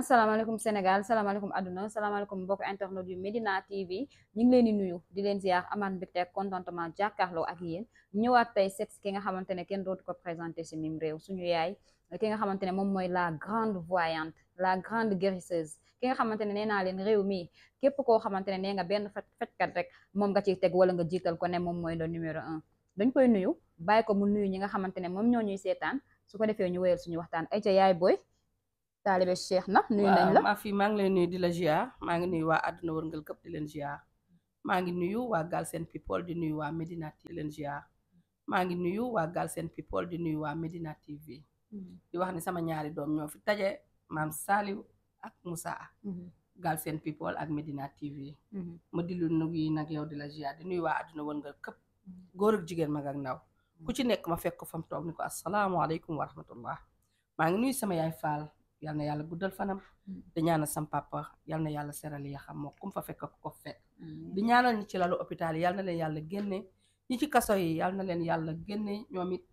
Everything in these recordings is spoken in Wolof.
asalaamaaleykum Sénégal salaamaaleykum àdduna salaamaaleykum mbokk internet yu Medina TV ñu ngi leen di nuyu di leen ziar amaan mbégte ak contentement jàkkaarloo ak yéen ñëwaat tey seet ki nga xamante ne kenn dootu ko présenté si réew suñu yaay ki nga xamante ne moom mooy la grande voyante la grande guérisseuse ki nga xamante ne nee naa leen réew mi képp koo xamante ne nee nga benn fet fetkat rek moom nga ciy teg wala nga jiital ko ne moom mooy le numéro un dañ koy nuyu bàyyi ko mu nuyu ñi nga xamante ne moom ñoo ñuy seetaan su ko defee ñu wéyal suñu waxtaan ay ca yaay booy taalibe Cheikh na nuyu fi maa ngi leen nuyu di la ziar maa ngi nuyu waa àdduna wërngal këpp di maa ngi nuyu waa Galsen People di nuyu waa Medina leen ziar maa ngi nuyu waa seen People di nuyu waa Medina TV mhm. di wax ni sama ñaari doom ñoo fi taje maam Saliw ak Moussa mhm. seen People ak Medina TV mhm. ma di lu nag yow di la ziar di nuyu waa àdduna wërngal këpp góor ak jigéen ma ak ndaw ku ci nekk ma fekk ko fam toog ni ko asalaamaaleykum wa rahmatullah maa ngi nuyu sama yaay Fall yal na yàlla guddal fanam mm. di ñaanal sam papa yal na yàlla seral yi xam moo kum fa fekk ko fekk di ñaanal ñi ci lalu hôpital yi yal na leen yàlla génne ñi ci kaso yi yal na leen yàlla génne ñoom it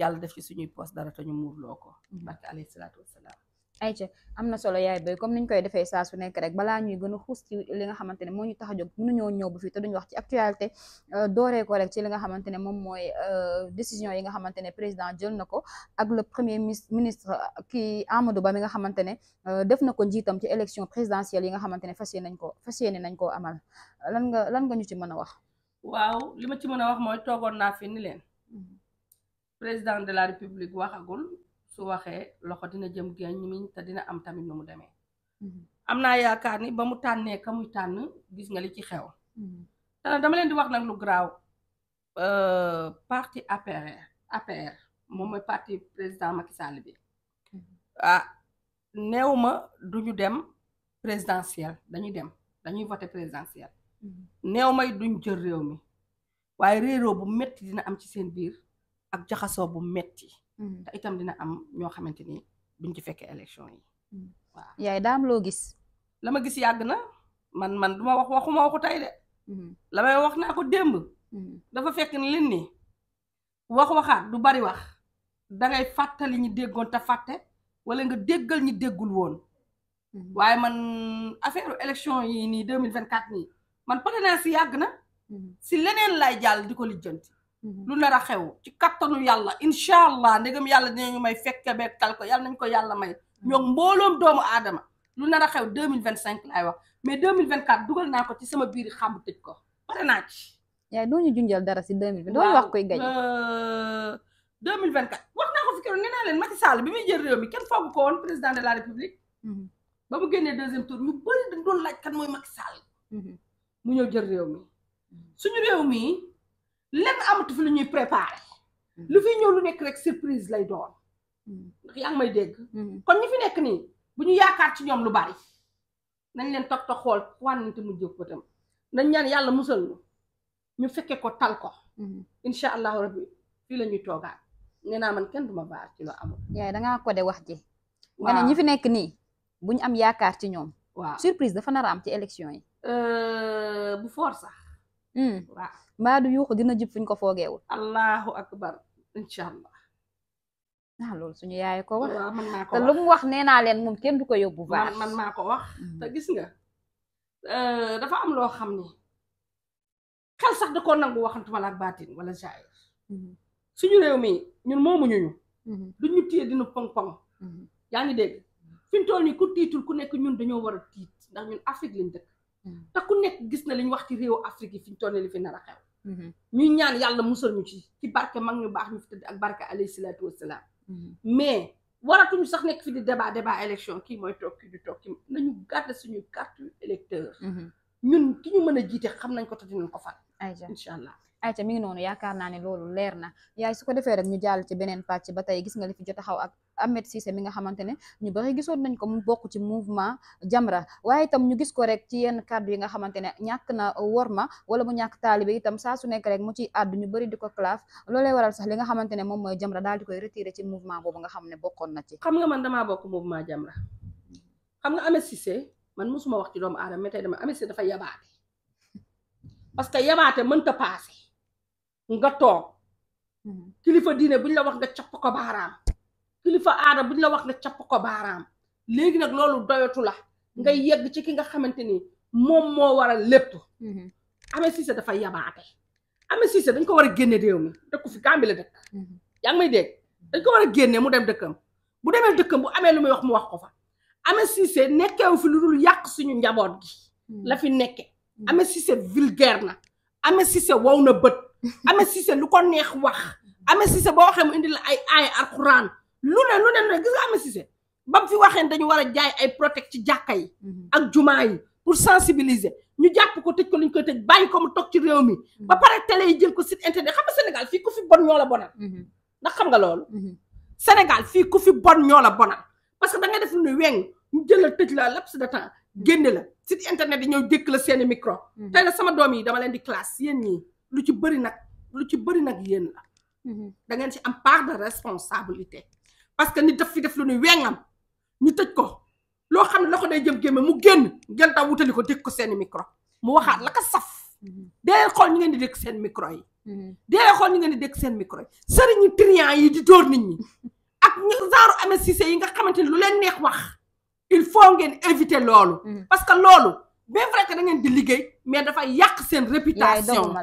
yàlla def ci suñuy poos dara te ñu loo ko mm. barke alayhi salaatu wassalaam ayca am na solo yaay béy comme ñu koy defee saa su nekk rek balaa ñuy gën a xuus ci li nga xamante ne moo ñu tax a jóg mënuñoo ñëw bu fii te duñ wax ci actualité euh, dooree ko rek ci li nga xamante ne moom mooy euh, décision yi nga xamante ne président jël na ko ak le premier ministre kii Amadou Ba mi nga xamante ne euh, def na ko njiitam ci élection présidentielle yi nga xamante ne fas yéene nañ ko fas yéene nañ koo amal lan nga lan nga ñu ci mën a wax. waaw li ma ci mën a wax mooy naa fi ni leen. Mm-hmm. président de la su waxee loxo dina jëm gémmiñ te dina am tamit nu mu demee mhm. am naa yaakaar ni ba mu tànnee ka muy tànn gis nga li ci xew mhm. te nag dama leen di wax nag lu garaaw euh, parti APR APR moom mooy parti président Macky Sall bi mhm. ah néew ma duñu dem présidentiel dañuy dem dañuy voté présidentiel néew may duñ jël réew mi waaye réeroo bu metti dina am ci seen biir ak jaxasoo bu metti Mm. te itam dina am ñoo xamante ni duñ ci fekkee élection yi. Mm. waaw yaay daam loo gis. la ma gis yàgg na man man du ma wax waxuma waxu tey de. Mm-hmm. la may wax naa ko démb. Mm-hmm. dafa fekk ni leen ni wax waxaat du bari wax dangay fàttali ñi déggoon te fàtte wala nga déggal ñi déggul woon. Mm-hmm. waaye man affaire élection yi nii deux mille vingt quatre nii man pare naa si yàgg na. si leneen lay jàll di ko lijjanti. Mm-hmm. lu nar a xew ci kattanu yàlla incha allah ndegam yàlla dinañu may fekke beeg tal ko yàlla nañ ko yàlla may mm-hmm. ñoom mbooloom doomu aadama lu nar a xew deux mille vingt cinq laay wax mais deux mille vingt quatre dugal naa ko ci sama biir xàmb tëj ko pare naa ci. yaay doo ñu junjal dara si deux mille wax koy gañ. Euh, mille vingt quatre wax naa ko fi keroog nee naa leen Macky Sall bi muy jël réew mi kenn foogu ko woon président de la république. Mm-hmm. ba mu génnee deuxième tour ñu bëri dañ doon laaj kan mooy Macky Sall. mu ñëw jël réew mi suñu réew mi. lenn amatu fi lu ñuy préparé mm. lu fi ñëw lu nekk rek surprise lay doon ndax mm. yaa ngi may dégg mm. kon ñi fi nekk nii bu ñu yaakaar ci ñoom lu bari nañ leen toog toog xool wànnante mu nañ ñaan yàlla musal ñu ñu ko tal ko incha allahu fii la ñuy toogaat nee naa man kenn duma baar ci loo amul yaay dangaa ko de wax ji nga ñi fi nekk nii bu ñu am yaakaar ci ñoom waaw surprise dafa nar a am ci élection yi euh, bu fort sax Hmm. waaw mbaa du yuuxu dina jib fuñ ko foogeewul allahu akbar incha allah ah loolu suñu yaay ko wax te lu mu wax nee naa leen moom kenn du ko yóbbu baax man maa ko wax hmm. te gis nga euh, dafa am loo xam ne xel sax da koo nangu waxantuma la ak baatin wala jaayir hmm. suñu réew mi ñun moomuñu ñu du ñu téye dina pong pong yaa ngi dégg fi mu nii ku tiitul ku nekk ñun dañoo war a tiit ndax ñun Afrique lañ dëkk Mm. te ku nekk gis na li ñu wax ci réew Afrique yi fi ñu toll li fi nara xew. Mm-hmm. ñuy ñaan yàlla musal ñu ci ci barke mag ñu baax ñu fi tëdd ak barke alayhi salaatu wassalaam mm-hmm. mais waratuñu sax nekk fi di débat débat élection kii mooy toog kii du toog kii nañu garder suñu carte électeur mm-hmm. ñun ki ñu mën a jiite xam nañ ko te dinañ ko fan ay allah. ayca mi ngi noonu yaakaar naa ne loolu leer na yaay su ko defee rek ñu jàll ci beneen pàcc ba tey gis nga li fi jot a xaw ak. Ahmed Cissé mi nga xamante ne ñu bari gisoon nañ ko mu bokk ci mouvement Jamra waaye tam ñu gis ko rek ci yenn kàddu yi nga xamante ne ñàkk na worma wala mu ñàkk taalibe itam saa su nekk rek mu ci àddu ñu bari di ko claf loolee waral sax li nga xamante ne moom mooy Jamra daal di koy retiré ci mouvement boobu nga xam ne bokkoon na ci. xam nga man damaa bokk mouvement Jamra xam nga Ahmed Cissé man mosuma wax ci doomu aadama mais tey dama Ahmed Cissé dafa yabaate parce que yabaate mënta paase nga toog mm-hmm. kilifa diine buñ la wax nga capp ko baaraam fa aada buñ la wax na capp ko baaraam léegi nag loolu doyatu la nga yegg ci ki nga xamante ni moom moo waral lépp Ahmed Cissé dafa yabaate Ahmed Cissé dañ ko war a génne réew mi dëkku fi Gàmbi la dëkk mhm. yaa ngi may dégg dañ ko war a génne mu dem dëkkam bu demee dëkkam bu amee lu muy wax mu wax ko fa Ahmed Cissé nekkeewu fi lu dul yàq suñu njaboot gi mhm. la fi nekke Ahmed Cissé vulgaire na Ahmed Cissé wow na bët Ahmed Cissé lu ko neex wax Ahmed Cissé boo waxee mu indi la ay aaya alxuraan lu ne lu ne lu ne gis nga Ahmed Cissé ba mu fi waxee dañu war a jaay ay protect ci jàkka yi mhm. ak jumaa yi pour sensibiliser ñu jàpp ko tëj ko li ñu koy tëj bàyyi ko mu toog ci réew mi mhm. ba pare télé yi jël ko site internet xam nga Sénégal fii ku fi bon ñoo la bonal mhm. ndax xam nga loolu Sénégal fii ku fi bon ñoo la bonal parce que da nga def lu ne weng ñu jël la tëj la laps de temps génne la site internet yi ñëw jëkk la seeni micro tey la sama doom yi dama leen di classe yéen ñii lu ci bëri nag lu ci bëri nag yéen la da ngeen ci am part de responsabilité parce que nit daf fi def lu nu wengam ñu tëj ko loo xam ne loxo day jëm gémme mu génn ngeen daw wutali ko dég ko seen micro mu waxaat la ko saf mm-hmm. dee xool ñu ngeen di dégg seen micro yi mm-hmm. dee leen xool ñu ngeen di dégg seen micro yi sëriñu triant yi di dóor nit ñi ak genre amee sise yi nga xamante ni lu leen neex wax il faut ngeen éviter loolu mm-hmm. parce que loolu bien vrai que da ngeen di liggéey mais dafay yàq seen réputation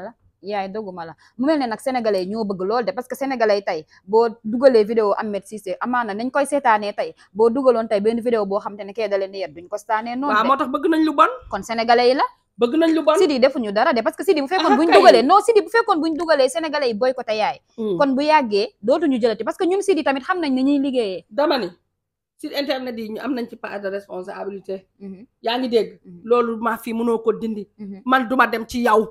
yaay doguma la mu mel ne nag sénégalais ñoo bëgg lool de parce que sénégalais tey boo dugalee vidéo Ahmed Cissé amaana nañ koy seetaanee tey boo dugaloon tey benn vidéo boo xam te ne kee da leen di yet duñ ko seetaanee noonu waaw moo tax bëgg nañ lu bon kon sénégalais yi la bëgg nañ lu bon Sidi defuñu dara de parce que Sidi bu fekkoon ah, buñ dugalee non Sidi bu fekkoon buñ dugalee sénégalais yi boycotté yaay hmm. kon bu yàggee dootuñu jëlati parce que ñun Sidi ñu am nañ ci part de responsabilité mhm. yaa ngi mhm. loolu maa fii mënoo ko dindi mhm. man duma dem ci yow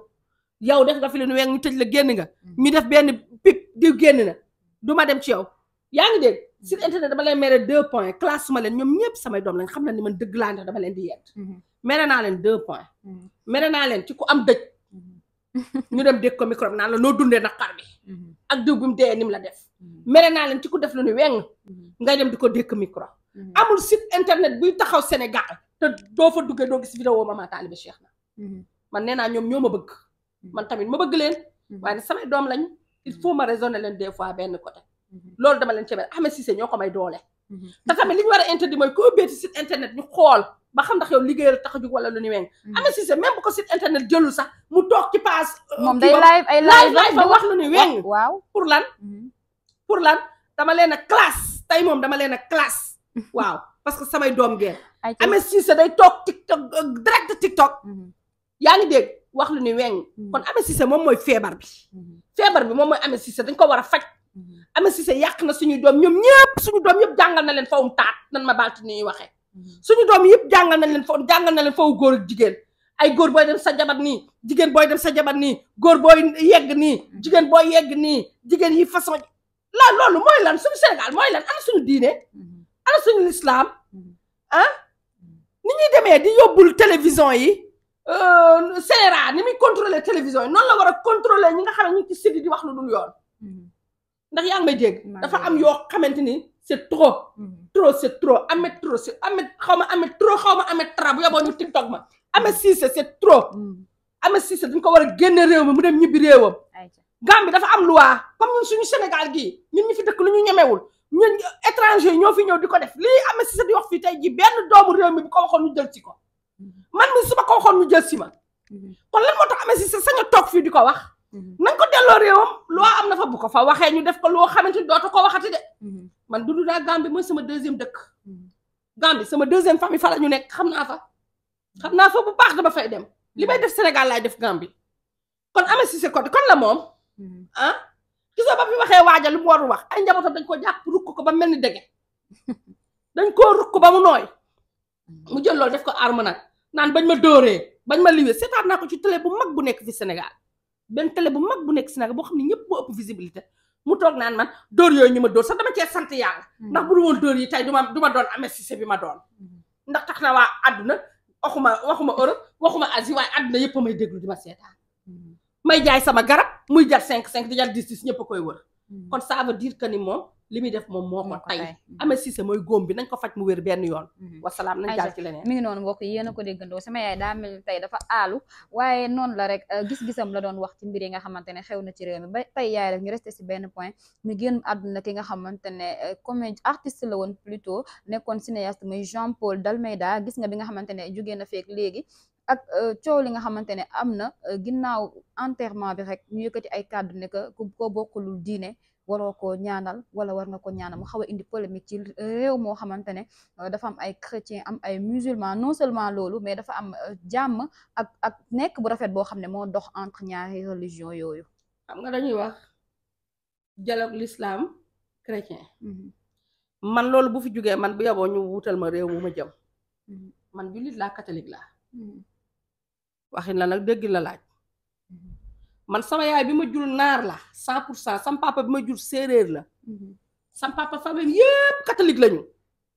yow def nga fi lu nu weeg ñu tëj la génn nga mm. ñu def benn pip di génn na du ma dem ci yow yaa ngi dégg sur mm. internet dama leen mere deux points classe ma leen ñoom ñëpp samay doom lañ xam na ni man dëgg dama leen di yedd mm-hmm. mere naa leen deux points mm-hmm. mere naa leen ci ku am dëj mm-hmm. ñu dem dégg ko micro la noo dundee naqar bi ak diw bi ni mu la def mere naa leen ci ku def lu nu weng ngay dem di ko dékk micro amul site internet buy taxaw Sénégal te doo fa duggee doo gis vidéo Mama Talibé Cheikh na man nee naa ñoom ñoo ma bëgg Mm-hmm. man tamit ma bëgg leen mm-hmm. waaye nag samay doom lañ il faut ma mm-hmm. raisonner leen des fois benn côté loolu dama leen ceebel Ahmed Cissé ñoo ko may doole te tamit li ñu war a interdit mooy ko ubbeeti site internet ñu xool ba xam ndax yow liggéeyal tax a wala lu ni weng Ahmed Cissé bu ko site internet jëlul sax mu toog ci paas euh, moom day live ay live fa wax lu ni weng waaw pour lan pour lan dama leen a classe tey moom dama leen a classe waaw parce que samay doom geen Ahmed Cissé day toog TikTok euh, direct TikTok yaa ngi dégg wax lu ni weng mm-hmm. kon Ameth Cissé moom mooy feebar bi mm-hmm. feebar bi moom mooy Ameth Cissé dañ ko war a faj mm-hmm. Ameth Cissé yàq na suñuy doom ñoom ñëpp suñu doom yëpp jàngal na leen fawum taat nan ma balti ni ñuy waxee suñu doom yëpp jàngal na leen fa jàngal na leen góor jigéen ay góor booy dem sa jabar nii jigéen booy dem sa jabar nii góor booy yegg nii jigéen booy yegg nii jigéen yi façon la loolu mooy lan suñu Sénégal mooy lan ana suñu diine su suñu lislaam ah ni ñuy demee di yóbbul télévision yi Euh, CRA ni muy contrôler télévision yi noonu la war a contrôler ñi nga xam ne ñu ci séddi di wax lu dul yoon mhm. ndax yaa ngi may dégg dafa am yoo xamante ni c'est tro mhm. trop c'est trop amet trop c'est amet xaw ma amet trop xaw ma amet bu yoboo ñu tiktok ma amet siise c'est tro mhm. amet siise dañ ko war a génne réew mi mu dem ñibbi réewam Gambie dafa am loi comme ñun suñu Sénégal gii ñun ñu fi dëkk lu ñu ñemewul ñun étranger yi ñoo fi ñëw di ko def lii amet siise di wax fii tey ji benn doomu réew mi bu ko waxoon jël ci ko man mi su ma ko waxoon mu jël si ma kon lan tax amee si sa sañ a di ko wax nanga ko delloo loo am na fa bu ko fa waxee ñu def ko loo xamante ni dootu ko waxati de man dund naa Gambie mooy sama deuxième dëkk Gambie sama deuxième famille fa la ñu nekk xam naa fa xam naa fa bu baax dama fay dem li may def Sénégal laay def Gambie kon amee si sa la moom ah gisoo ba fi waxee waaja lu mu warul wax ay njabootam dañ ko jàpp rukk ko ba mel ni dege dañ koo rukk ba mu nooy mu jël loolu def ko arme nag naan bañ ma dóoree bañ ma liwee seetaat naa ko ci télé bu mag bu nekk fi Sénégal benn télé bu mag bu nekk Sénégal boo xam ne ñëpp moo ëpp visibilité mu toog naan man dóor yooyu ñu ma dóor sax dama sant yàlla mm. ndax bu dul woon dóor yi tey du ma du ma doon amee succès bi ma doon mm. ndax tax na waa àdduna waxuma waxuma Europe waxuma Asie waaye àdduna yëpp may déglu di ma seetaan mm. may jaay sama garab muy jar cinq cinq di jar dix dix ñëpp a koy wër kon ça veut que ni moom li muy def moom moo ko tay Ahmed Cissé mooy góom bi nañ ko faj mu wér benn yoon mhm. wasalaam nañ jàll ci leneen mi ngi noonu mbokk yi yéen a ko déggandoo sama yaay daa mel tey dafa aalu waaye noonu la rek euh, gis-gisam la doon wax ci mbir yi nga xamante ne xew na ci réew mi ba tey yaay rek ñu si benn point mu génn àdduna ki nga xamante ne euh, comédie artiste la woon plutôt nekkoon cinéaste muy Jean Paul Dalmeida gis nga bi nga xamante ne jógee na feek léegi ak euh, coow li nga xamante ne am na ginnaaw enterrement bi rek ñu yëkkati ay kàddu ne que ku ko bokkulul diine waroo ko ñaanal wala war nga ko ñaanal mu xaw a indi polémique ci réew moo xamante ne euh, dafa am ay chrétien am ay musulman non seulement loolu mais dafa am euh, jàmm ak ak nekk bu rafet boo xam ne moo dox entre ñaari religion yooyu xam nga dañuy wax dialogue lislaam chrétien mm-hmm. man loolu bu fi jógee man bu yeboo ñu wutal ma réew mu ma jëm mm-hmm. man jullit laa catholique laa mm-hmm. waxin la nag dégg la laaj man sama yaay bi ma jur naar la cent pour cent sam papa bi ma jur séeréer la mhm. sam papa famille yépp catholique lañu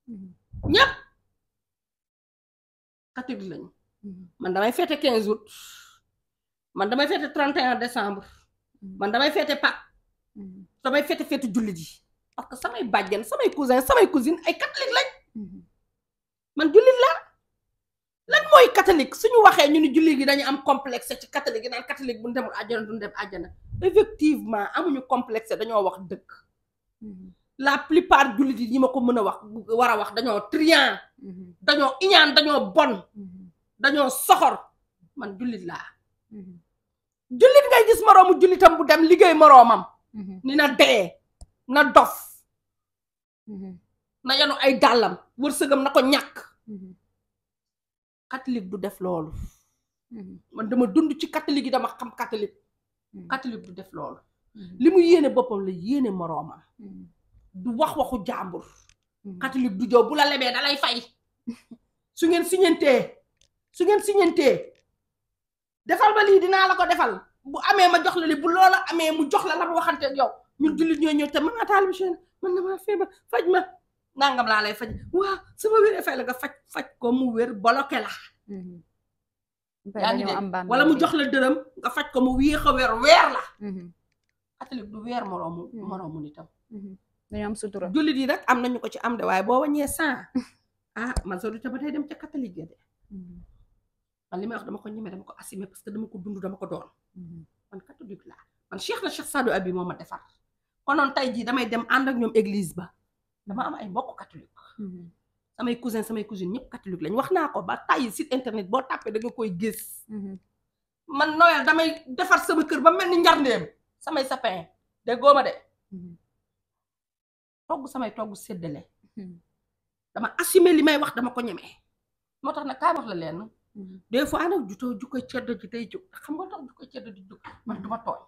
mhm. ñépp catholique lañu mhm. man damay feete quinze août man damay feete trente et man damay feete Pâques damay feete feetu jullit yi parce que samay bàjjen samay cousin samay cousine ay catholique lañ man jullit la lan mooy catholique ñu waxee ñu ni julli gi dañu am complexe ci catholique yi naan catholique bu ñu demul àjjana duñ dem àjjana effectivement amuñu complexe dañoo wax dëgg la plupart jullit yi ñi ma ko mën a wax war a wax dañoo triant dañoo iñaan dañoo bon dañoo soxor man jullit laa jullit ngay gis moroomu jullitam bu dem liggéey moroomam ni na dee na dof na yanu ay dàllam wërsëgam na ko ñàkk catholique du def loolu mm-hmm. man dama dund ci catholique yi dama xam catholique mm-hmm. catholique du def loolu mm-hmm. li mu yéene boppam la yéene moroomam du wax waxu jàmbur catholique du jow bu la lebee da fay su ngeen siñantee su ngeen siñantee defal ba lii dinaa la ko defal bu amee ma jox la li bu loola amee mu jox la la mu waxante yow ñun jullit ñoo ñëw te man atal ah, bi man na maa feebar faj ma nangam laa lay faj waa sama wér fay la nga faj faj ko mu wér bloqué la mhm. yaa ngi de wala mu jox la dërëm nga faj ko mu wéex a weer weer la catholique mhm. du weer moroomu mhm. moroomu nitam dañoo am sutura jullit yi nag am nañu ko ci am de waaye boo waññee cent ah man soo dute ba tey dem ca catholique ya de man li may wax dama ko ñeme dama ko assumé parce que dama ko dund dama ko doon man catholique laa man Cheikh na Cheikh Abi moo ma defar konoon tey jii damay dem ànd ak ñoom église ba dama am ay mbokk catholique mm-hmm. samay cousin samay cousine ñëpp catholique lañ wax naa ko ba tàyyi site internet boo tàppee da nga koy gis mm-hmm. man Noël damay defar sama kër ba mel ni njarndeem samay sapin de góoma mm-hmm. de togg samay togg séddale dama assumer li may wax dama ko ñemee moo tax nag kaay wax la leen des fois nag jutoo jukko ceddo ji day jóg xam nga tax jukko ceddo di jóg man duma tooñ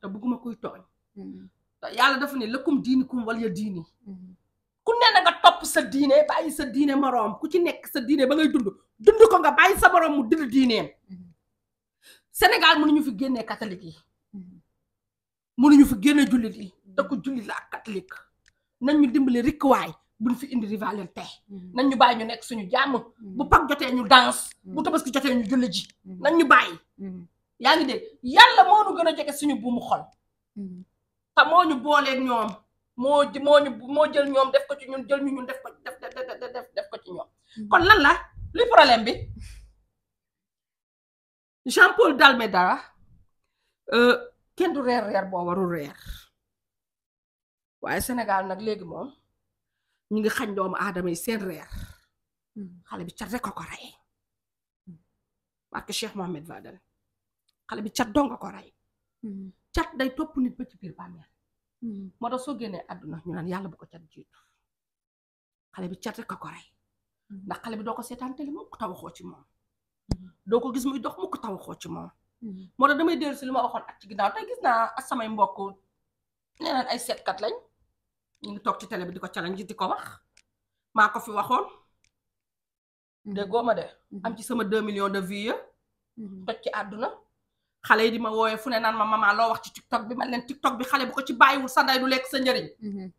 te bëgguma kuy tooñ yàlla dafa ne lëkkum diini kum wal ya diini mhm. ku ne na nga topp sa diine bàyyi sa diine moroom ku ci nekk sa diine ba ngay dund dund ko nga bàyyi sa moroom mu dund diineem mhm. Sénégal mënuñu fi génnee katalik yi mhm. mënuñu fi génne jullit yi dëkk jullit la ak catholique nañ ñu dimbali rikkuwaay buñ fi indi rivalité nañ ñu bàyyi ñu nekk suñu jàmm bu Pâques jotee ñu danse bu tabaski jotee ñu julli ji nañ ñu bàyyi yaa ngi dégg yàlla moo nu gën a jege suñu buumu xol te moo ñu booleeg ñoom moo moo ñu moo jël ñoom def ko ci ñun jël ñu ñun def ko def def def ko ci ñoom hmm. kon lan la li problème bi Jean Paul Dalmédara euh, kenn du reer reer boo warul reer waaye Sénégal nag léegi moom ñu ngi xañ doomu aadama yi seen reer hmm. xale bi cat rek ko ko rey parce hmm. que Cheikh Mohamed Vadel xale bi cat dong ko rey cat day topp nit ba ci biir bàmmeel hmm. moo tax soo génnee àdduna ñu naan yàlla bu ko cat jiitu xale bi cat rek a ko rey hmm. ndax xale bi doo ko seetaan télé mukk ci moom hmm. doo ko gis muy dox mukk tawaxoo ci moom moo tax damay dellu si li ma waxoon ak ci ginnaaw tey gis naa samay mbokk nee ay seetkat lañ ñu ngi toog ci tele bi di ko challenge di ko wax maa ko fi waxoon déggoo ma de am ci sama deux millions de vues ya ci àdduna xale yi di ma wooyee fu ne naan ma mama loo wax ci tiktok bi man leen tiktok bi xale bu ko ci bàyyiwul sa ndey du lekk sa njëriñ. Mhm.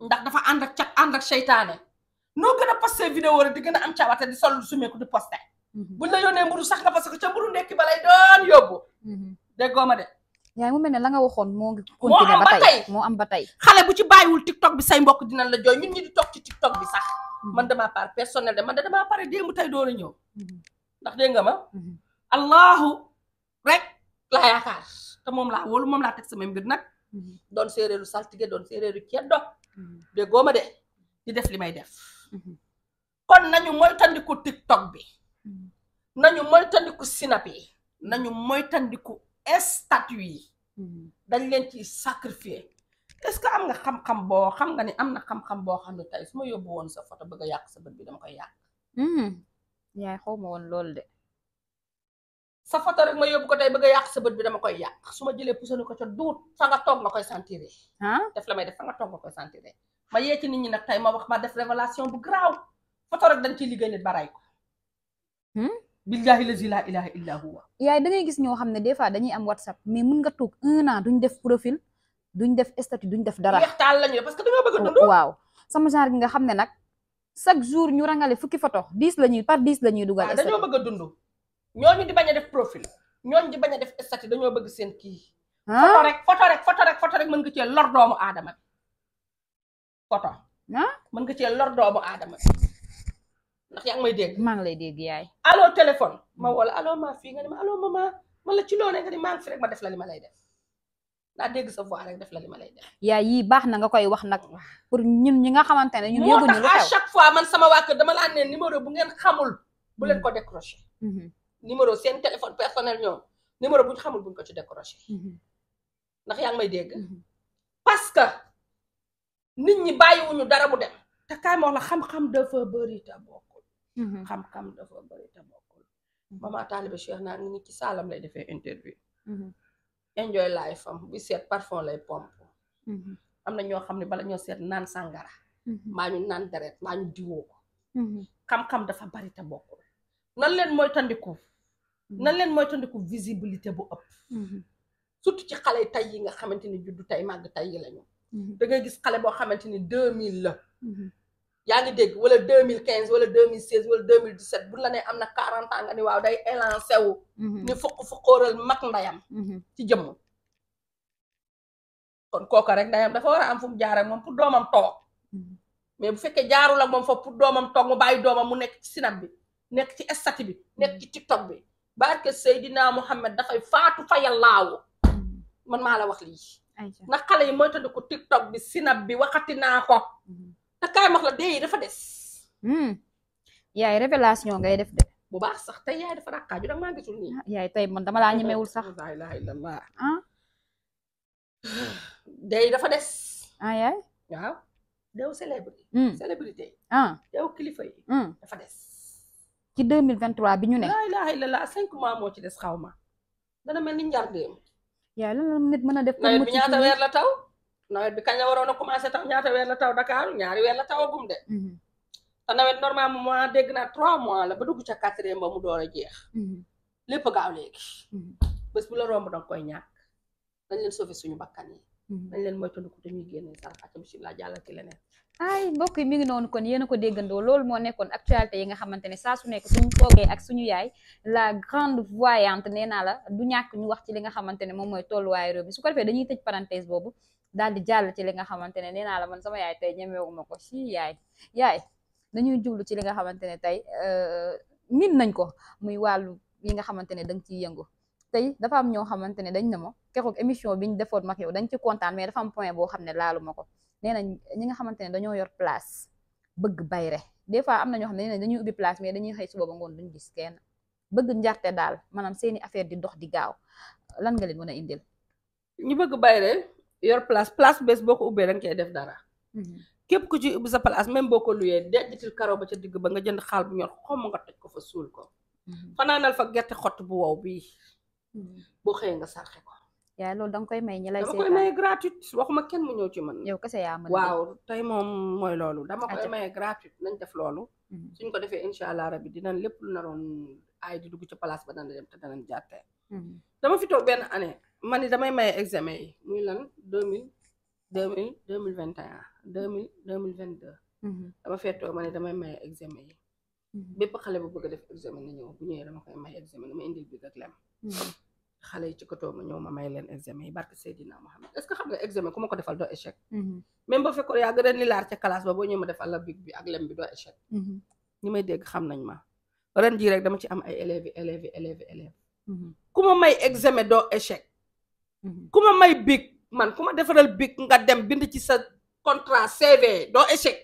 ndax dafa ànd ak cat noo gën a posté vidéo rek di gën a am caawate di sol sumeeku di posté. Mhm. buñ la yónnee mburu sax nga parce que ca mburu ndekki ba lay doon yóbbu. Mhm. déggoo ma de. yaa ngi mu mel ne la nga waxoon moo ngi. continué ba tey moo am ba tey xale bu ci bàyyiwul tiktok bi say mbokk dinañ la jooy ñun ñi di toog ci tiktok bi sax. man damaa par personnel de man damaa pare démb tey door a ñëw. ndax dégg nga ma. rek laa yaakaar te moom laa wóolu moom laa teg sama mbir nag mhm. doon séeréeru saltige doon séeréeru ceddo mhm. déggoo ma de di def li may def mhm. kon nañu moytandiku tiktok bi nañu moytandiku sinap yi nañu moytandiku statut yi dañ leen ci sacrifier est-ce que am nga xam-xam boo xam nga ni am na xam-xam boo xam ne tey su ma yóbbu woon sa photo bëgg a yàq sa bët bi dama koy yàq yaay xaw ma woon loolu de sa photo rek ma yóbbu ko tey bëgg a yàq sa bët bi dama koy yàq su ma jëlee pusani ko ca duut fa nga toog def la may def fa nga toog nga koy sentiré ma yee ni nit ñi nag tey ma wax ma def révélation bu garaaw photo rek dañ ciy liggéey nit ba ko hmm? billahi lazi la ilaha illa huwa yaay da ngay gis ñoo xam ne des fois dañuy am whatsapp mais mën nga toog un an duñ def profil duñ def statut duñ def dara waxtaan lañu parce que dañoo bëgg a oh, sama genre gi nga xam ne nag chaque jour ñu rangale fukki photo dix la ñuy par dix ñuy dugal ah, dañoo bëgg a ñooñu di bañ a def profil ñooñu di bañ a def statut dañoo bëgg seen kii. Ah. photo rek photo rek photo rek rek mën nga cee lor doomu aadama bi photo. Ah. mën nga cee lor doomu aadama ndax yaa ngi may maa ngi lay dégg yaay. allo téléphone ma wala allo maa fii nga ne ma allo maman man la ci loonee nga ni maa ngi ma def la li ma lay def. daa dégg sa voix rek def la ma yaay yii baax na nga koy wax nag pour ñun ñi nga xamante ne ñun. yëguñu lu xew fois man sama waa kër dama laa ne bu ngeen xamul bu leen mm. ko décroché. Mm-hmm. numéro seen téléphone personnel ñoom numéro bu ñu xamul buñ ko ci décroché. Mhm. ndax yaa ngi may dégg. Mhm. parce que nit ñi bàyyiwuñu dara mu dem. te kaay ma wax la xam-xam dafa bëri te bokkul. Mhm. naa ngi ci saalam lay defee interview. enjoy life am bu seet parfum lay na ñoo xam ne bala ñoo seet naan sàngara. maa ñu naan deret maa ñu diwoo ko. xam-xam dafa bari bokkul. nan leen mooy tandiku nan leen mooy tondiku visibilité bu ëpp mm-hmm. surtout ci xale tey yi nga xamante ni juddu tey màgg tey yi lañu mm-hmm. da ngay gis xale boo xamante ni deux mille la mm-hmm. yaa ngi dégg wala deux mille quinze wala deux mille seize wala deux mille dix sept bu la nee am na quarante ans nga ni waaw day élancé wu ni fukk fukkóoral mag ndayam ci jëmm kon kooku rek ndayam dafa war a am fu mu jaar ak moom pour doomam toog mais bu fekkee jaarul ak moom foofu pour doomam toog mu bàyyi doomam mu nekk ci sinab bi nekk ci estati bi nekk ci tiktok bi barke Seydina Mohamed dafay faatu fayal laawu man maa la wax lii. ndax xale yi moytandi ko TikTok bi sinab bi waxati naa ko. Mhm. te kaay max la dee dafa des. Hmm. yaay révélation ngay def de. bu baax sax tey yaay dafa rakkaaju da maa gisul nii. Ah, yaay tey man dama laa ñemewul sax. ah. dee yi dafa des. ah yaay. waaw deew célébrité. Hmm. célébrité. Ah. deew kilifa yi. Hmm. dafa des. ci 2023 bi ñu ne. laa ilaaha illallaah cinq mois moo ci des xaw ma. dana mel ni njar yaa lan la nit mën a def. nawet bi ñaata weer la taw. nawet bi kañ la waroon a commencé taw ñaata weer la taw Dakar ñaari weer la taw a gum de. Mhm. te nawet normalement mois dégg naa trois mois la ba dugg ca quatrième ba mu door a jeex. Mhm. lépp gaaw léegi. Mhm. bés bu la romb danga koy ñàkk. dañ leen sauver suñu bakkan yi. dañ mhm. leen moytandiku te ñuy génne sarax ak bisimilah jàllal ci leneen. ay mbokk yi mi ngi noonu kon yéen a ko déggandoo loolu moo nekkoon actualité yi nga xamante ne saa su nekk suñu toogee ak ñu yaay la grande voyante nee naa la du ñàkk ñu wax ci li nga xamante ne moom mooy tolluwaayu réew mi su ko defee dañuy tëj parenthèse boobu daal di jàll ci li nga xamante ne nee naa la man sama yaay tey ñemewuma ko si yaay yaay dañuy jublu ci li nga xamante ne tey euh, min nañ ko muy wàllu yi nga xamante ne da nga ciy yëngu tey dafa am ñoo xamante ne dañ na ma keroog émission bi ñu defoon mag yow dañ ci kontaan mais dafa am point boo xam ne laalu ma ko nee nañ ñi nga xamante ne dañoo yor place bëgg bayre des fois am na ñoo xam ne dañuy ubbi place mais dañuy xëy suba ba ngoon duñ gis kenn bëgg njarte daal maanaam seeni affaire di dox di gaaw lan nga leen mën a indil. ñu bëgg bayre yor place place bees boo ko ubbee da nga def dara. Mhm. képp ku ci ubbi sa place même boo ko luyee denc karo ba ca digg ba nga jënd xaal bu ñor xom ko fa suul ko. Mhm. fanaanal bu wow bii. Hmm. boo xëyee nga saraxe ko. yaa loolu danga koy may ñi lay seetaan dama koy maye gratuite waxuma kenn mu ñëw ci man. yow kese yaa mën waaw tey moom mooy loolu. dama koy maye gratuite nañ def loolu. Hmm. suñ ko defee incha allah rabi dinañ lépp lu naroon ay di dugg ci place ba dana dem te danañ jàtte. Hmm. dama fi toog benn année man ni damay maye examen yi muy lan deux mille deux mille deux mille vingt deux mille deux mille dama fee toog ma ne damay maye examen yi. bépp xale bu bëgg def examen na ñëw bu ñëwee dama koy maye examen dama xale yi ci katoo ma ñëw ma may leen examen yi barke Seydina Mohamed est ce que xam nga examen ku ma ko defal doo échec. Mm-hmm. même ba fekkoon yaa gën a ni laar ca ba boo ñëwee ma defal la big mm-hmm. may dégg xam nañ ma ren jii rek dama ci am ay élèves élèves élèves mm-hmm. ku ma may examen doo ku ma may big man ku ma defaral big nga dem bind ci sa contrat CV doo échec.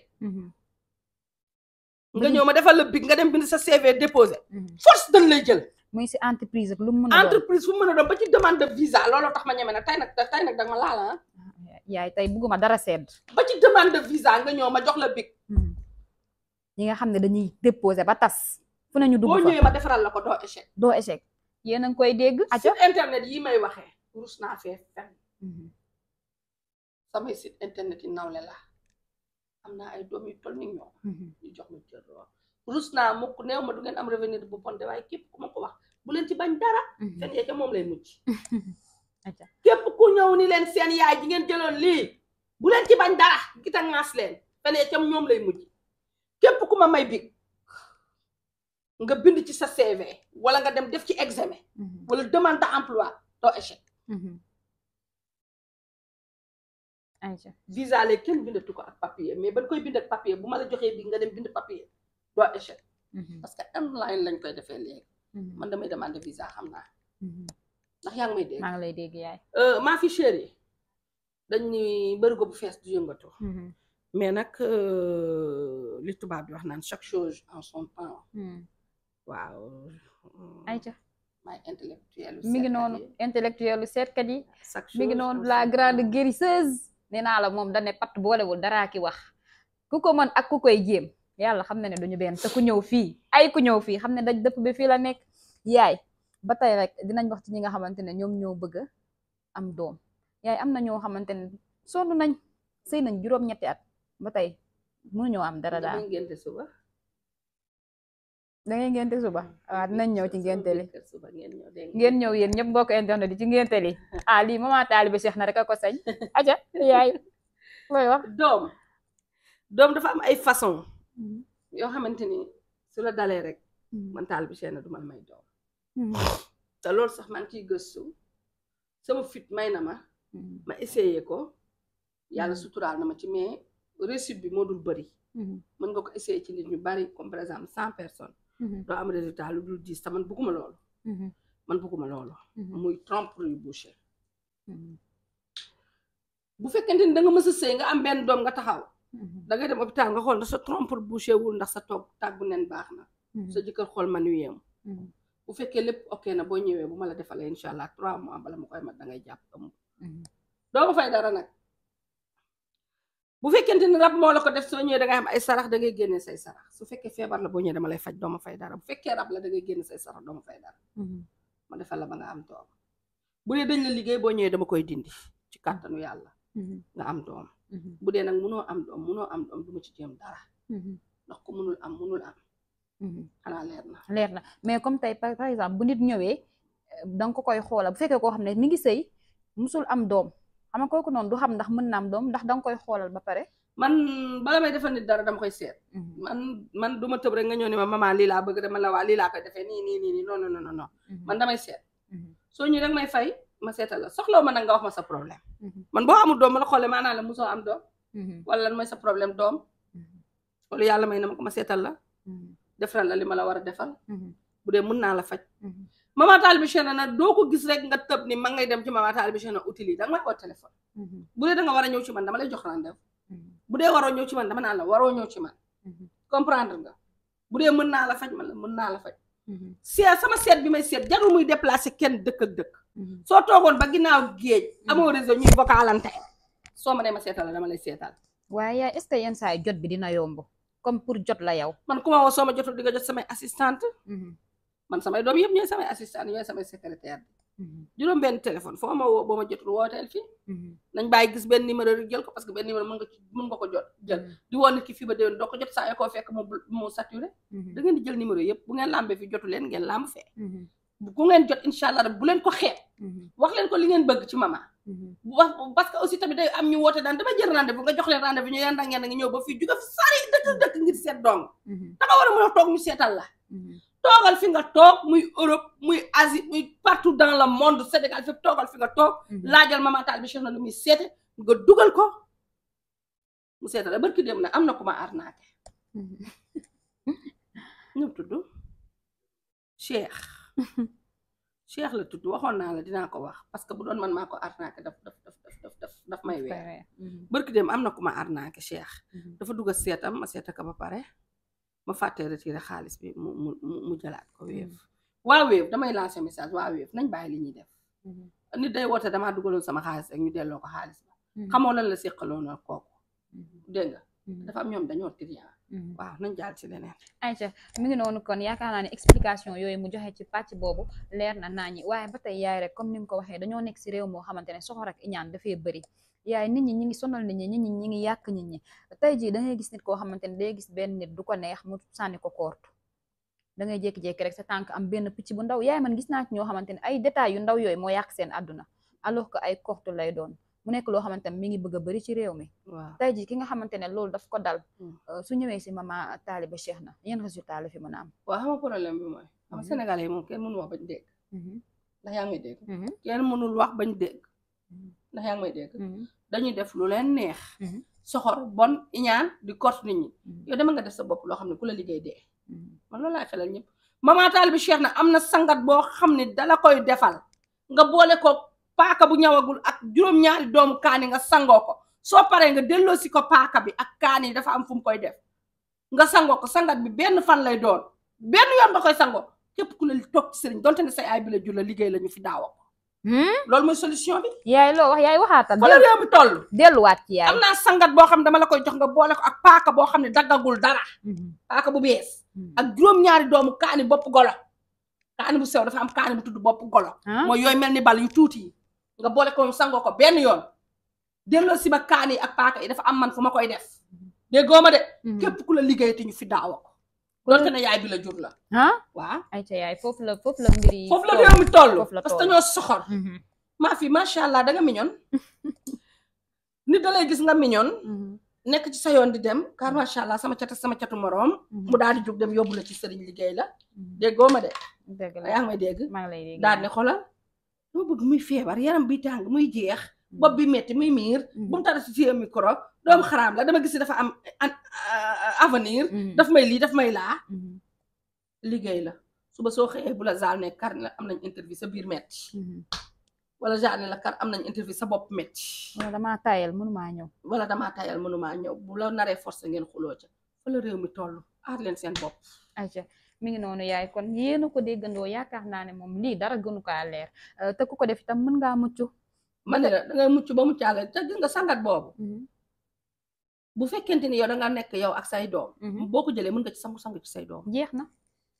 nga ñëw ma defal la big nga dem bind sa CV déposé. force dañ lay jël. muy si entreprise lu mu mën a entreprise fu mu a doon demande de visa looloo tax ma ñeme nag tey nag tey nag da nga ma laal ah. yaay tey bugguma dara sedd. ba ci demande de visa nga ñëw ma jox la big. Hmm. ñi nga xam ne dañuy déposé ba tas. fu ne ñu dugg fa boo ñëwee defaral la ko doo échec. doo échec yéen a ngi koy dégg. sur internet yi may waxee. rus naa fee fenn. Hmm. samay internet yi nawle la am naa ay doom yu toll ni ñoom. Hmm. ñu jox ma cër rus naa mukk néew ma du ngeen am revenir bu bonte waaye képp ku ma ko wax bu leen ci bañ dara fekkee mhm. ca moom lay mucc képp ku ñëw ni leen seen yaay ji ngeen jëloon lii bu leen ci bañ dara gita ŋaas leen fenee ca moom lay mujj képp ku ma may big nga bind ci sa CV wala nga dem def ci examen mhm. wala demande d'emploi doo échec mhm. visa lee kenn bindatu ko ak papier mais bañ koy bind ak papier bu ma la joxee bi nga dem bind papier doo échec mm-hmm. parce que online lañ koy defee léegi mm-hmm. man damay demandé visa xam naa mm-hmm. ndax lay dégg yaay euh, maa fi bu fees du yëmbatu mais nag euh, li tubaab bi wax naan chaque chose en son temps waaw ayca maay intellectuel mi ngi noonu intellectuelu seetkat yi mi ngi noonu la grande guérisseuse nee naa la moom dane pat boolewul daraa ki wax ku ko mën ak ku koy jéem yàlla xam na ne duñu benn te ku ñëw fii ay ku ñëw fi xam ne daj dëpp bi fii la nekk yaay ba tey rek dinañ wax ci ñi nga xamante ne ñoom ñoo bëgg am doom yaay am na ñoo xamante ne sonn nañ sëy nañ juróom-ñetti at ba tey mënuñoo am dara daal da ngay ngénte suba waaw ah, dinañ ñëw ci ngénte li ngeen ñëw yéen ñëpp mbokk internet di ci ngénte li ah lii mama taalibe seex na rek a ko sañ aja yaay doom doom dafa am ay façon Mm-hmm. yoo xamante ni su la dalee rek mm-hmm. man taal bi seen du ma may doom mm-hmm. te loolu sax man ngi gëstu sama fit may na ma ma essayé ko yàlla suturaal na ma ci mais réussite bi moo dul bëri mën nga ko essayé ci nit ñu bari comme par exemple cent personnes doo am résultat lu dul dix te man bëgguma loolu man bëgguma loolu muy tromperie bouchée bu fekkente ni da nga mës a sëy nga am benn doom nga taxaw Mhm. da ngay dem hôpital nga xool ndax sa trompe bouché wul ndax sa toog tàggu nen baax na. Mhm. sa jëkkër xool manuyam mhm. bu fekkee lépp ok na boo ñëwee bu ma la defalee incha allah trois mois bala ma koy mat da ngay jàpp ëmb. doo ko fay dara nag bu fekkente ne rab moo la ko def soo da ngay am ay sarax da ngay génne say sarax su fekkee feebar la boo ñëwee dama lay faj doo ma fay dara bu fekkee rab la da ngay génne say sarax doo fay dara. ma defal la ba nga am doom bu dee dañ la liggéey boo ñëwee dama koy dindi ci kàttanu yàlla. nga am doom. Mm-hmm. bu dee nag munoo am doom munoo am doom du ma ci jéem dara. Mm-hmm. ndax ku munul am munul am. Mm-hmm. xanaa leer na leer na mais comme tey par exemple bu nit ñëwee euh, da koy xoolal bu fekkee koo xam ne mi ngi sëy musul am doom xam nga kooku noonu du xam ndax mën na am doom ndax da koy xoolal ba pare. man bala may defal nit dara dama koy seet. man man du ma tëb rek nga ñëw ne ma maman lii laa bëgg dama la waa lii laa koy defee nii nii ni non non non non man damay seet. soo ñëwee rek may fay. ma seetal la soxlaw ma na nga wax ma sa problème mhm. man boo amul doom ma la xoolee maanaa la mosoo mhm. wala lan mooy sa problème doom mhm. wala yàlla may na ma ma seetal la defaral la li ma la war a defal bu mën naa la faj mama taalibi Cheikhna nag doo ko gis rek nga tëb ni ma ngay dem ci mama taalibi Cheikhna utile yi danga may woo téléphone bu dee war a ñëw ci man dama lay jox rendez bu dee waroo ñëw ci man dama naan la waroo ñëw ci man comprendre nga bu dee mën naa la faj man mën naa la faj seet sama seet bi may seet jarul muy déplacer kenn dëkk dëkk Mhm. soo toogoon ba ginnaaw géej. Mhm. amoo réseau ñuy vocalante soo ma ne ma seetal dama lay seetal. waaye est-ce yenn saa yi jot bi dina yomb comme pour jot la yow. man ku ma woo soo ma jotul di nga jot samay assistante. Mhm. man samay doom yëpp ñooy samay assistante ñooy samay secrétaire. juróom benn téléphone foo boo ma jotul wooteel fii. gis benn numéro rek jël ko que benn numéro mën ko jot jël ki fii ba déwén doo ko jot saa yoo koo fekk mu mu saturé. jël numéro yëpp bu ngeen làmbee fi jotu leen ngeen làmb fee. ku ngeen jot incha allah rek bu leen ko xeeb. Mhm. wax leen ko li ngeen bëgg ci mhm. bu wax parce que aussi tamit day am ñu woote daan dama jël rendez-vous nga jox leen rendez-vous ñu yéen da a ñëw ba fii jóge sari dëkk dëkk ngir seet dong. Mhm. danga war a mën a toog mu seetal la. toogal fi nga toog muy Europe muy Asie muy partout dans le monde Sénégal fépp toogal fi nga toog. laajal mama taal bi Cheikh na lu muy seete nga dugal ko mu seetal la barki dem na am na ku ma arnaqué. ñu tudd Cheikh la tudd waxoon naa la dinaa ko wax parce que bu doon man maa ko arnaqué daf daf daf daf daf daf may weer mhm. bërki dem am na ku ma arnaqué Cheikh mhm. dafa dugg a seetam ma seeta ko ba pare ma fàttee retiré xaalis bi mu mu mu jëlaat ko Wave mhm. waa Wave damay lancé message waa Wave nañ bàyyi li ñuy def nit day woote damaa dugaloon sama xaalis rek ñu delloo ko xaalis ba xamoo lan la séqaloon kooku dégg nga dafa am ñoom dañoo triant Mm-hmm. waaw nañ jàll ci leneen ayca mi ngi noonu kon yaakaar naa ne explication yooyu mu joxe ci pàcc boobu leer na naa ñi waaye ba tey yaay rek comme ni nga ko waxee dañoo nekk si réew moo xamante ne soxor ak iñaan dafay bëri yaay nit ñi ñi ngi sonal nit ñi nit ñi ñi ngi yàq nit ñi tey jii da ngay gis nit koo xamante ne day gis benn nit du ko neex mu sànni ko koort dangay ngay jékki-jékki rek sa tànk am benn picc bu ndaw yaay man gis naa ci ñoo xamante ne ay détails yu ndaw yooyu moo yàq seen àdduna alors que ay koortu lay doon mu nekk loo xamante ne mi ngi bëgg a bëri ci réew mi tey jii ki nga xamante ne loolu daf ko dal hmm. euh, su ñëwee si maman Talibé Cheikh na yeen résultat la fi mën a am waaw xam nga problème bi mooy xam hmm. moom hmm. kenn mënul wax bañ dégg ndax yaa ngi may dégg mënul wax bañ dégg ndax yaa dañuy def lu leen neex soxor bon iñaan di kort nit ñi yow nga def sa bopp loo xam ne ku la liggéey dee man loolu laay xelal ñëpp maman Talibé na am na sangat boo xam ne dala koy defal nga boole ko paaka bu ñawagul ak juróom-ñaari doomu kaani nga sangoo ko soo paree nga delloo si ko paaka bi ak kaani dafa am fu mu koy def nga sangoo ko sangat bi benn fan lay doon benn yoon ba koy sangoo képp ku la toog ci sëriñ donte ne say bi la jur la liggéey la ñu fi daawa ko hmm? loolu mooy solution bi yaay loo wax yaay waxaatal fa la réew mi toll delluwaat ci yaay am sangat boo xam ne dama la koy jox nga boole ak paaka boo xam ne daggagul dara hmm. paaka bu bees hmm. ak juróom-ñaari doomu kaani bopp golo kaani bu sew dafa am kaani bu tudd bopp golo ah? mooy yooyu mel ni bal yu tuuti nga boole ko sangoo ko benn yoon delloo si ma kaan yi ak paaka yi dafa am man fu ma koy def déggoo ma de. Mhm. képp ku ñu fi daawa ko. loolu la jur la. ah waaw ayca yaay foofu foofu la mbir yi. foofu la réew mi parce que dañoo soxor. Mhm. maa fi macha allah danga miñoon nit da lay gis nga miñoon. Mhm. nekk ci sa yoon di dem car macha allah sama catu sama catu moroom. mu daal di jóg dem yóbbu la ci sëriñ liggéey la. déggoo ma de. dëgg la yaa ngi may dégg. maa ngi lay dégg di xoolal. dama bëgg muy feebar yaram bi tàng muy jeex mm. bopp bi metti muy miir mm. bu mu tara si si micro doomu xaraam la dama gis dafa am euh, avenir mm. daf may lii daf may laa liggéey la suba soo xëyee bu la zaal ne kar ne am nañ interview sa biir metti wala zaal ne la kar am nañ interview sa bopp metti wala damaa tayal maa ñëw wala damaa tayal maa ñëw bu la naree forcé ngeen xuloo ca fa réew mi toll aar leen seen bopp mi ngi noonu yaay kon yéen a ko déggandoo yaakaar naa ne moom lii dara gënu kaa leer euh, te ku ko def itam mën ngaa mucc. man da ngay mucc ba muccaale te gis nga sangat boobu. Mhm. bu fekkente ni yow da nga nekk yow ak say doom. Mhm. boo ko jëlee mën nga ci sangu sangu ci say doom. jeex na.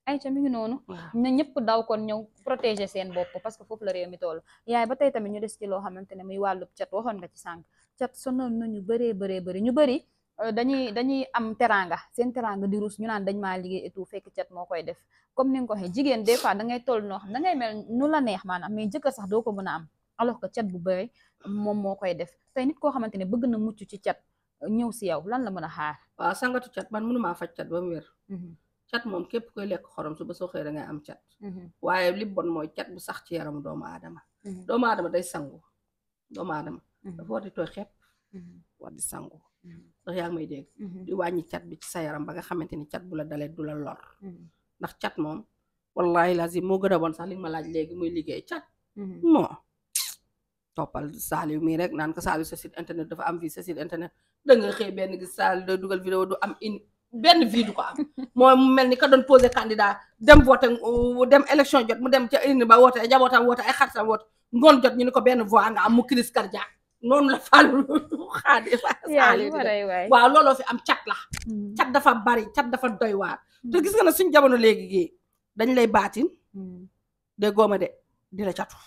ayca mi ngi noonu na ñëpp daw kon ñëw protéger seen bopp parce que foofu la réew mi toll yaay ba tey tamit ñu des ci loo xamante ne muy wàllub cat waxoon nga ci sànq cat sonal na ñu bëree bëree bëri ñu bëri Euh, dañuy dañuy am teranga seen teranga di ruus ñu naan dañ maa liggéey et tout fekk cat moo koy def comme ni nga ko waxee jigéen des fois da ngay toll noo xam da ngay mel nu la neex maanaam mais jëkkër sax doo ko mën a am alors que cat bu bëri moom moo koy def tey nit koo xamante ne bëgg na mucc ci cat ñëw si yow lan la mën a xaar. waaw sangatu cat man maa faj cat ba mu wér. Mhm. cat moom képp koy lekk xorom su ba soo xëy da ngay am cat. Mhm. waaye li bon mooy cat bu sax ci yaramu doomu aadama. Mhm. doomu aadama day sangu doomu aadama. dafa war di tooy xepp war ndax yaa ngi may dégg. Mm-hmm. wàññi cat bi ci sa yaram ba nga xamante ni cat bu la dalee du la lor. Mm-hmm. ndax cat moom wallahi lazim moo gën a bon sax li ma laaj léegi muy liggéey cat. moo mm-hmm. toppal Saliou mii rek naan ko Saliou sa site internet dafa am vie sa site internet da nga xëy benn gi Saliou da dugal vidéo du am une benn vie du ko am mooy mu mel ni ka doon posé candidat dem voté dem élection jot mu dem ca indi ba woote jabootam woote ay xaritam woote ngoon jot ñu ni ko benn voix nga am mu crise cardiaque noonu la fàllu waaye waaw looloo fi am cat la mm-hmm. cat dafa bari cat dafa doy waar mm-hmm. te gis nga ne suñ jamono léegi gii dañ lay baatin mm-hmm. de gooma de di la catu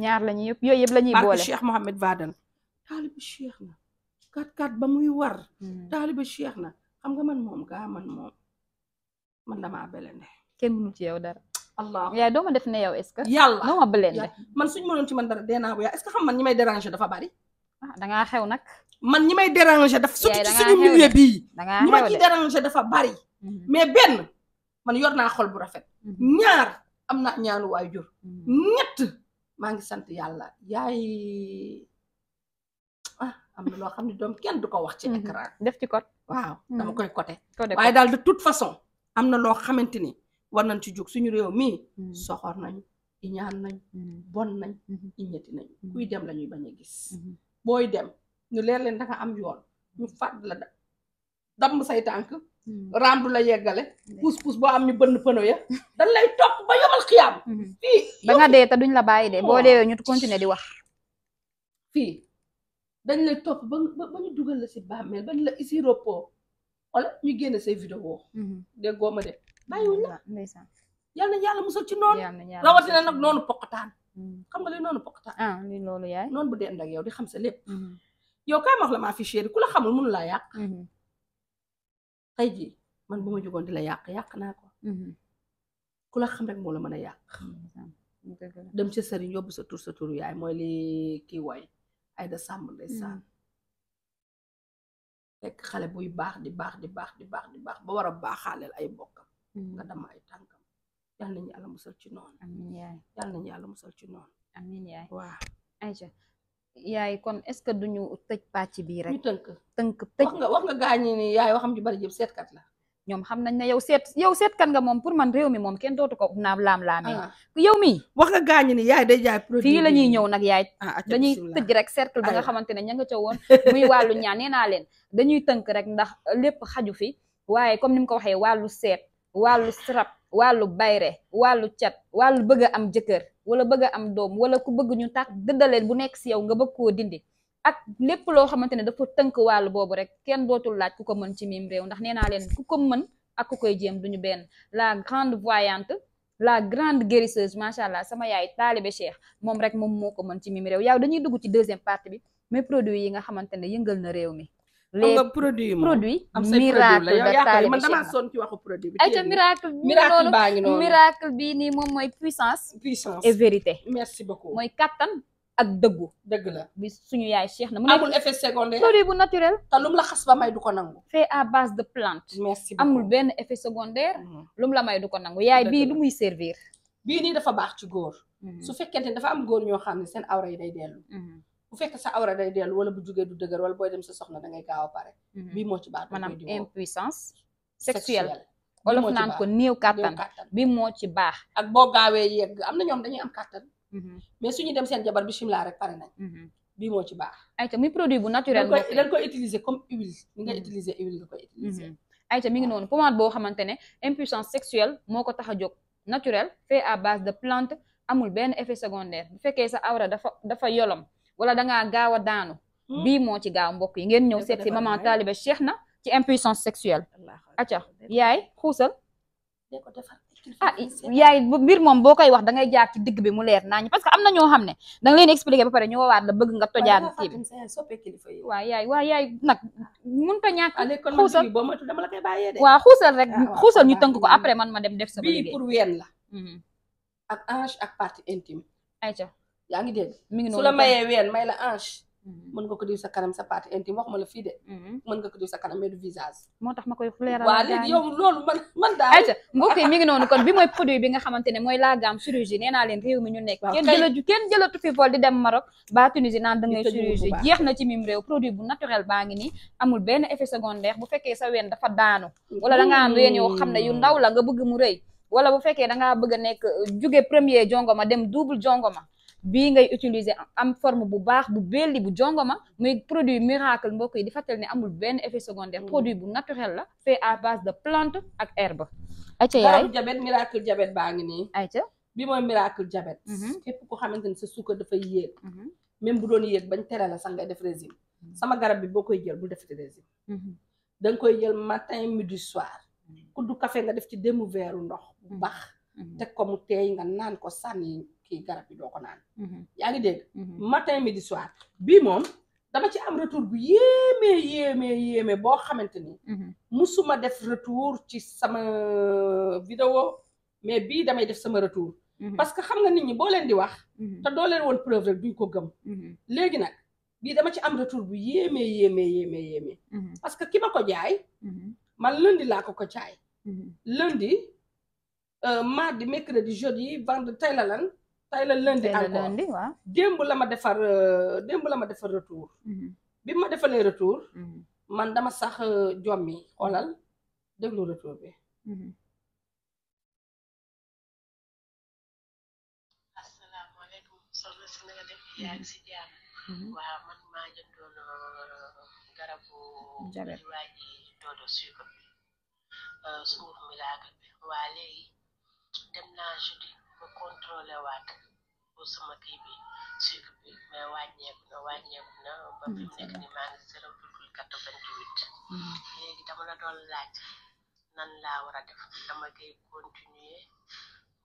ñaar lañuy yëpp yooyu yëpp la ñuy boole Cheikh Mohamed Vadan taaliba Cheikh na ba muy war taaliba Cheikh na xam nga man moom gaa man moom man damaa belende kenn mënu ci yow dara allah yaay doo def ne yow est-ce yàlla doo ma belende man suñ mënoon ci man dara naa bu yaa est xam man ñi may déranger dafa bari Ah, dangaa xew nag. man ñi may déranger dafa surtout ci suñu milieu bii. ñi ma ciy déranger dafa bari. Mhm. mais benn man yor naa xol bu rafet. Mhm. ñaar am na ñaanu jur mhm. ñett maa ngi sant yàlla yaay. Ah, am na loo xam ne doom kenn du ko wax ci écran def ci code waaw dama koy côté waaye daal de tout façon am na loo xamante ni war nañ ci jóg suñu réew mii soxor nañu iñaan nañ bon nañ iñetti nañ kuy dem lañuy ñuy bañ a gis booy dem ñu leer leen da am yoon ñu fàdd la damm say tànk hmm. raam du la yeggale hmm. puus puus boo am ñu bënn pëno ya dañ lay topp ba yomal xiyaam hmm. fii ba nga dee te duñ la bàyyi de boo oh. deewee ñu continuer di wax fii dañ lay topp ba ba ñu dugal la si bàmmeel bañ la isi repos wala ñu génne say vidéo déggoo ma de bàyyiwuñ la ndeysaan yal na yàlla musal ci noonu rawatina nag noonu poqataan xam nga li noonu pokataan. ah li loolu yaay noon bu dee ndag yow di xam sa lépp. Mhm. yow kaay ma la ma fi chéri ku la xamul mënu laa yàq. Mhm. tey man bu ma jugoon di la yàq yàq naa ko. Mhm. ku la xam rek moo la mën a yàq. dem ci sëriñ yóbbu sa tur sa tur yaay mooy li kii woy ay da sàmm day sàmm. fekk xale buy baax di baax di baax di baax di baax ba war a baaxaaleel ay bokkam. nga dama ay tànk. yal nañu yàlla musal ci noonu. amiin yaay yal nañu yàlla musal ci noonu. amiin yaay waaw. Aïcha yaay kon est ce que du ñu tëj pàcc bii rek. ñu tënk tënk tëj wax nga wax nga gaañi ni yaay waxam ju bari jëm seetkat la. ñoom xam nañ ne yow seet yow seetkat nga moom pour man réew mi moom kenn dootu ko naam laam laamee. Ah. yow mi wax nga gaañu ni yaay day jaay produit fii la ñuy ñëw nag yaay. Ah, dañuy tëj rek cercle bi nga xamante ne ña nga ca woon. muy wàllu ñaan nee naa dañuy tënk rek ndax lépp xaju fi waaye comme ni mu ko waxee wàllu seet wàllu sirab wàllu bayre wàllu cat wàllu bëgg am jëkkër wala bëgg am doom wala ku bëgg ñu tax dëddaleen bu nekk si yow nga bëgg koo dindi ak lépp loo xamante ne dafa tënk wàllu boobu rek kenn dootul laaj ku ko mën ci miim réew ndax nee naa leen ku ko mën ak ku koy jéem duñu benn la grande voyante la grande guérisseuse macha allah sama yaay taalibe Cheikh moom rek moom moo ko mën ci miim réew yow dañuy dugg ci deuxième partie bi mais produit yi nga xamante ne yëngal na réew mi les produits produits miracle de Talibé Cheikh man sonn ci waxu produit bi. ay ca miracle bi noonu miracle bii nii moom mooy puissance. puissance et vérité. merci beaucoup mooy kattan ak dëggu. dëgg la bi suñu yaay Cheikh na. mu amul effet secondaire produit bu naturel. te lum la xas ba may du ko nangu. fait à base de plante. merci beaucoup amul benn effet secondaire. Mm-hmm. lum la may du ko nangu yaay bii lu muy servir. bii nii dafa baax ci góor. Mm-hmm. su fekkente dafa am góor ñoo xam ne seen awra yi day dellu. Mm-hmm. bu fekk sa awra day dellu wala bu jugee du dëgër wala booy dem sa soxna da ngay gaaw a pare. Mhm. bii moo ci baax maanaam impuissance sexuelle olof naan ko néew kàttan bi moo ci baax ak boo gaawee yegg am na ñoom dañuy am kàttan mhm. mais suñu dem seen jabar bi simlaa rek pare nañ mhm. bii moo ci baax ayca muy produit bu naturel dañ koy utiliser comme huile nga utiliser huile nga koy utiliser mi ngi noonu pommade boo xamante ne impuissance sexuelle moo ko tax a jóg naturel à base de plante amul benn effet secondaire bu fekkee sa awra dafa dafa yolom wala da ngaa gaaw a daanu. Hmm? bii moo ci gaaw mbokk yi ngeen ñëw seet si maman Talibé na ci impuissance sexuelle. acca yaay xuusal. ah yaay mbir moom boo koy wax dangay jaar ci digg bi mu leer naa ñu parce que am na ñoo xam ne danga leen expliqué ba pare ñu wawaat la bëgg nga tojaan kii bi waaw yaay waaw yaay nag mënut a ñàkk ah, xuusal waaw xuusal rek ah, xuusal ñu tënk ko après man ma dem def sama liggéey pour ween la mhm. ak hanche ak partie intime ayca yaa ngi dégg mi ngi noonu su la mayee ween may la hanche mm-hmm. mën nga ko diw sa fii mm-hmm. mën nga ko diw sa kanam mais moo tax ma koy leeral waaw léegi yow loolu man man ngi noonu kon bi mooy produit bi nga xamante ne mooy la gamme chirurgie nee naa leen réew mi ñu nekk kenn jëlatu kenn jëlatu fi vol di dem Maroc ba Tunisie naan da ngay jeex na ci mim réew produit bu naturel baa ngi nii amul benn effet secondaire bu fekkee sa ween dafa daanu wala da nga am ween xam ne yu ndaw la nga bëgg mu rëy wala bu fekkee da ngaa bëgg a nekk jóge premier ma dem double jongoma bii ngay utiliser am forme bu baax bu belli bu jongoma muy produit miracle mbokk yi di fàttali ne amul benn effet secondaire mm. produit bu xel la fait à base de plante ak herbe ayca yaay jabet miracle jabet baa ngi nii ayca bi mooy miracle jabet mm-hmm. képp ko xamante ni sa suukar dafay yéeg mm-hmm. même bu doon yéeg bañ tere la sax ngay def régime mm-hmm. sama garab bi boo koy jël bu defati régime da nga koy jël matin midi soir kuddu kafe nga def ci demu verre ndox bu baax Mhm. teg ko mu teey nga naan ko sànni kii garab bi doo ko naan mhm. yaa ngi dégg mhm. matin midi soir bii moom dama ci am retour bu yéemee yéemee yéemee boo xamante ni musuma def retour ci sama euh, vidéo mais bii damay def sama retour parce que xam nga nit ñi boo leen di wax te doo leen woon preuve rek duñ ko gëm léegi nag bii dama ci am retour bu yéemee yéemee yéemee yéemee parce que ki ma ko jaay man lundi laa ko ko jaay lundi Euh, mardi mercredi jeudi vendredi tey la lan tey la lundi encore la ma defar euh, ma defar retour mhm. bi ma defalee retour mhm. man dama sax euh, jommi xoolal déglu retour bi mhm. dem naa jeudi mu contrôlé waat bu sama kii bi sucre bi mais wàññeeku na wàññeeku na ba fi mu hmm, nekk ni maa ngi zéro virgule quatre-vingt-huit hmm. léegi dama la doon laaj nan laa war a def dama koy continuer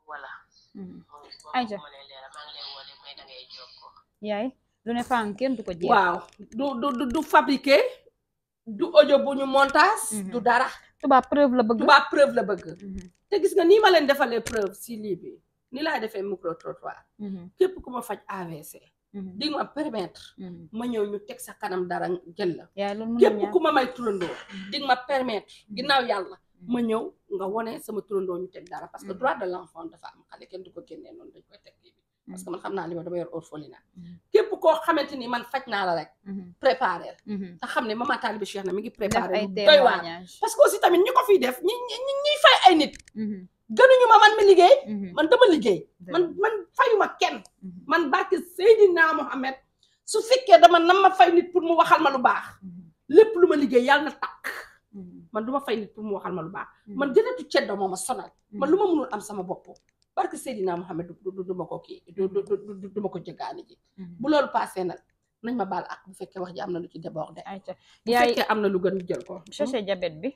wala ayca ma lay leeral maa ngi lay woolee may da ngay jokkoo yaay lu ne fànn kenn du ko jeex waaw du du du fabriqué du audio bu ñu montage mhm. du dara tubaab preuve la bëgg tubaab preuve la bëgg mhm. te gis nga ni ma leen defalee preuve si lii bi ni laay defee micro trottoir mhm. képp ku ma faj AVC di ma permettre ma ñëw ñu teg sa kanam dara jël la képp ku ma may turandoo di ma permettre ginnaaw yàlla ma ñëw nga wone sama turandoo ñu teg dara parce que droit de l'enfant dafa am xale kenn du ko génnee noonu dañ koy teg parce mm-hmm. que man xam naa li ma dama yor orphelinat mm-hmm. képp koo xamante ni man faj naa la rek mm-hmm. préparé te xam ne mama Talibé Cheikh na mi ngi préparé doy waar parce que aussi tamit ñi ko fiy def ñi ay nit gënuñu ma man mi liggéey man dama liggéey man man fayuma kenn man barke Seydina Mohamed su fekkee dama nam ma fay nit pour mu waxal ma lu baax lépp lu ma liggéey yàlla na tàkk man du ma fay nit pour mu waxal ma lu baax man gënatu ceddo moo ma sonal man lu ma mënul am sama bopp barke Seydina Mohamed du du du ma ko jëgaani ji. Mm-hmm. bu loolu paasee nag nañ ma baal ak bu fekkee wax ji am na lu ci débordé. ayca yaay fekkee am na lu gën jël ko. cherché hmm? bi.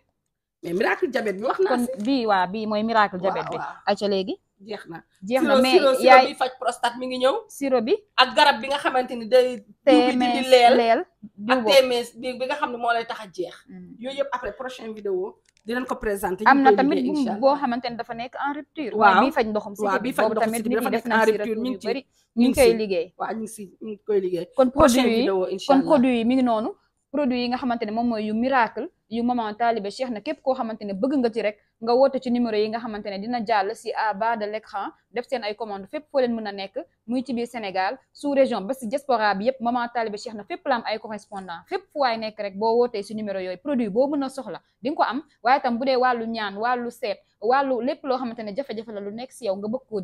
mais miracle diabète bi wax naa si. kon mooy miracle diabète bi. ayca léegi. jeex na jeex na mais yaay bi faj prostate mi ngi ñëw. siro bi ak garab bi nga xamante ni day. téeméer di leel ak téeméer bi nga xam ne moo lay tax a jeex. Mm-hmm. yooyu yëpp après prochaine vidéo dinañ ko présenté. am na tamit boo xamante ne dafa nekk en rupture. wa bii faj ndoxum si biir boobu tamit nit ñi def nañ si retour ñu bëri ñu ngi koy liggéey. waaw ñu si ñu ngi koy liggéey. kon produit yi kon produit yi mi ngi noonu. produit yi nga xamante ne moom mooy yu miracle. yu maman Talibé Cheikh na képp koo xamante bëgg nga ci rek nga woote ci numéro yi nga xamante dina jàll si à bas de l'écran def seen ay commande fépp foo leen mën a nekk muy ci Sénégal sous région ba si diaspora bi Talibé Cheikh na fépp la ay correspondant fépp fu waay nekk rek boo wootee si numéro yooyu produit boo mën a soxla di ko am waaye tam bu dee ñaan wàllu seet wàllu lépp loo jafe-jafe la lu nekk si nga bëgg ko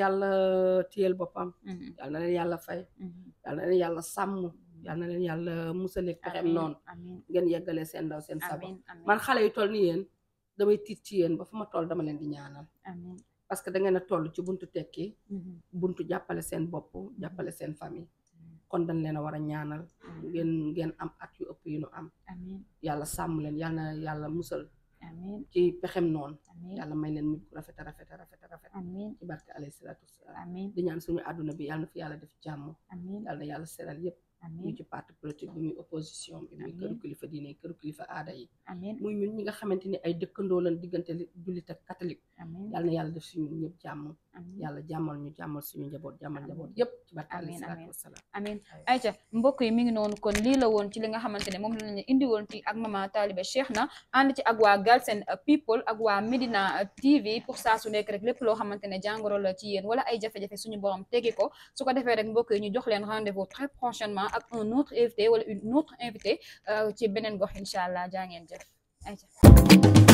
yàlla euh, téyel boppam mhm. yal na leen yàlla fay mhm. yàlla sàmm yal na leen yàlla musaleeg pexem noonu ngeen yeggale seen ndaw seen saba man xale yu toll ni yéen damay tiit ci yéen ba fu ma toll dama leen di ñaanal parce que da ngeen a toll ci buntu tekki mhm. buntu jàppale seen bopp jàppale seen famille kon dañ leen a war a ñaanal ngeen ngeen am ak yu ëpp yu nu am yàlla sàmm leen yal yàlla musal amiin ci pexem noonu yàlla may leen mujj rafet a rafet a rafet a rafet amiin ci barke alayhi salaatu wasalaam amiin di ñaan suñu àdduna bi yàlla fi yàlla def jàmm amiin yàlla na yàlla seeral yépp ñu ci parti politique bi muy opposition bi muy këru kilifa diine këru kilifa nga xamante ni ay dëkkandoo lan diggante jullit ak catholique yàlla na yàlla def suñu ñëpp jàmm yàlla jàmmal ñu jàmmal suñu njaboot jàmmal njaboot yëpp ci barke alayhi salaatu wasalaam mbokk yi mi ngi noonu kon lii la woon ci li nga xamante ne moom la ñu indi woon ci ak mama Talibé Cheikh na ànd ci ak waa Galsen People ak waa Medina TV pour saa su nekk rek lépp loo xamante ne jàngoro la ci yéen wala ay jafe-jafe suñu borom ko ko defee rek mbokk ñu jox leen rendez-vous très prochainement ak un autre invité wala une autre invité euh, ci beneen gox incha allah jaa ngeen jëf